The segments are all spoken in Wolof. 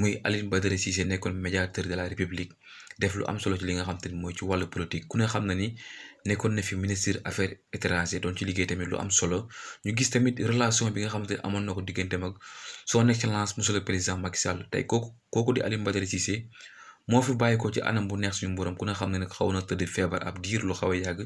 muy Alioune Badara Cissé nekkoon médiateur de la république def lu am solo ci li nga xam te ni mooy ci wàllu politique ku ne xam na ni nekkoon na fi ministre affaires étrangères doon ci liggéey tamit lu am solo ñu gis tamit relation bi nga xam te amoon na ko digganteem ak son excellence monsieur le président Macky Sall tey kooku kooku di Alioune Badara Cissé moo fi bàyyi ko ci anam bu neex suñu borom ku ne xam ne nag xaw na tëdd feebar ab diir lu xaw a yàgg.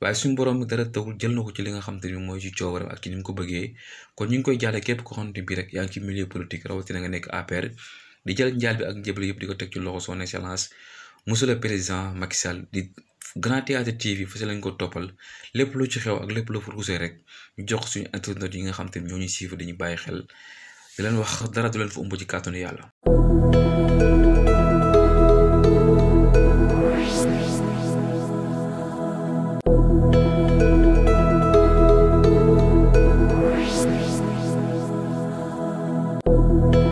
waaye suñu borom mi dara tawul jël na ko ci li nga xamante ni mooy ci coobaram ak ci ni mu ko bëggee kon ñu ngi koy jàlle képp ko xamante bi rek yaa ngi ci milieu politique rawatina nga nekk APR di jël njaal bi ak njëbal yëpp di ko teg ci loxo son excellence monsieur le président Macky Sall di Grand Théâtre TV fas lañ ko toppal lépp lu ci xew ak lépp lu furuse rek ñu jox suñu internet yi nga xam te ñoo ñu ñuy siif ñu bàyyi xel di leen wax dara du leen fa ëmb ci kàttanu yàlla you